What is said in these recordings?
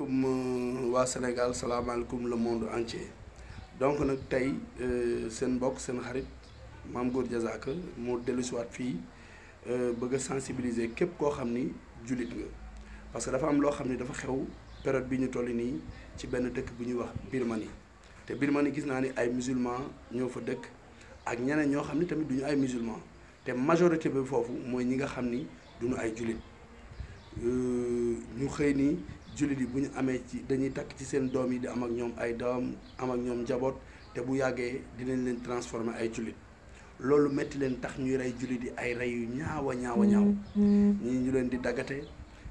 salaamaaleykum euh, waa Sénégal salaamaaleykum le monde entier donc nag tey euh, seen mbokk seen xarit Mame Gor Diazaka moo dellusiwaat fii euh, bëgg a sensibiliser képp koo xam ni jullit nga parce que dafa am loo xam ni dafa xew période bi ñu toll nii ci benn dëkk bu ñuy wax Birmanie te Birmanie gis naa ni ay musulman ñoo fa dëkk ak ñeneen ñoo xam ni tamit du ñu ay musulman te majorité bi foofu mooy ñi nga xam ni du ñu ay jullit ñu xëy nii jullit yi bu ñu amee ci dañuy takk ci seen doom yi di am ak ñoom ay doom am ak ñoom njaboot te bu yàggee dinañ leen transformer ay jullit loolu métti leen tax ñuy rey jullit yi ay rey yu ñaawa ñaawa ñaaw mm, mm. ñii ñu leen di daggate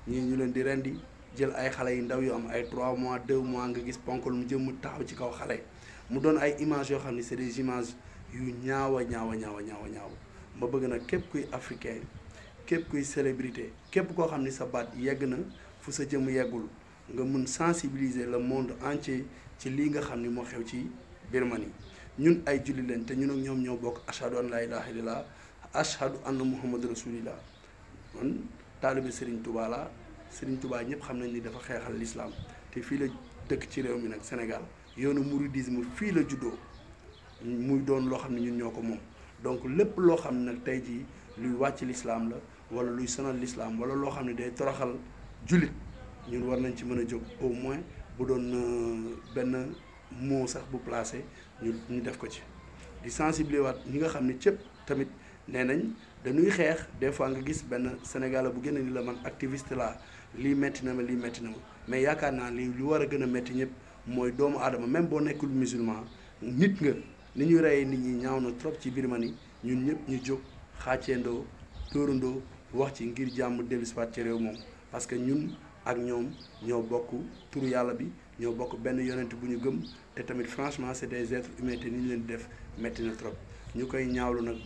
ñii ñu leen di rendi jël ay xale yu ndaw yu am ay trois mois 2 mois nga gis ponkal mu jëm taxaw ci kaw xale mu doon ay images yoo xam ne c'est des images yu ñaawa ñaawa ñaawa ñaawa ñaaw ma bëgg nag képp kuy africain képp kuy célébrité képp koo xam ni sa baat yegg na fu sa jëm yeggul nga mun sensibiliser la monde entier ci lii nga xam ni moo xew ci Birmanie ñun ay julli leen te ñun ak ñoom ñoo bokk ashhadu an laa ilaaha illallah ashhadu anna muhammad rasulillah man taalibe Serigne Touba la Serigne Touba ñëpp xam nañ ni dafa xeexal l'islam te fii la dëkk ci réew mi nag Sénégal yoonu mouridisme fii la juddoo muy doon loo xam ne ñun ñoo ko moom donc lépp loo xam ne nag tey jii luy wàcc l'islam la wala luy sonal l'islam wala loo xam ne day toroxal jullit ñun war nañ ci mën a jóg au moins bu doon euh, benn mot sax bu placé ñu ñu def ko ci di sensibiliser waat ñi nga xam ne cëpp tamit nee nañ dañuy xeex des fois nga gis benn Sénégalais bu gën a ni la man activiste la lii metti na ma lii metti na ma mais yaakaar naa lii lu war a gën a metti ñëpp mooy doomu aadama même boo nekkul musulman nit nga ni ñuy reyee nit ñi ñaaw na trop ci Birmanie ñun ñëpp ñu jóg xàccee xàcceendoo tóorandoo wax ci ngir jàmm dellusiwaat ci réew moom parce ak ñoom ñoo bokk turu yàlla bi ñoo bokk benn yonent bu ñu gëm te tamit franchement c'est des êtres humains te ni ñu leen def metti na trop ñu koy ñaawlu nag.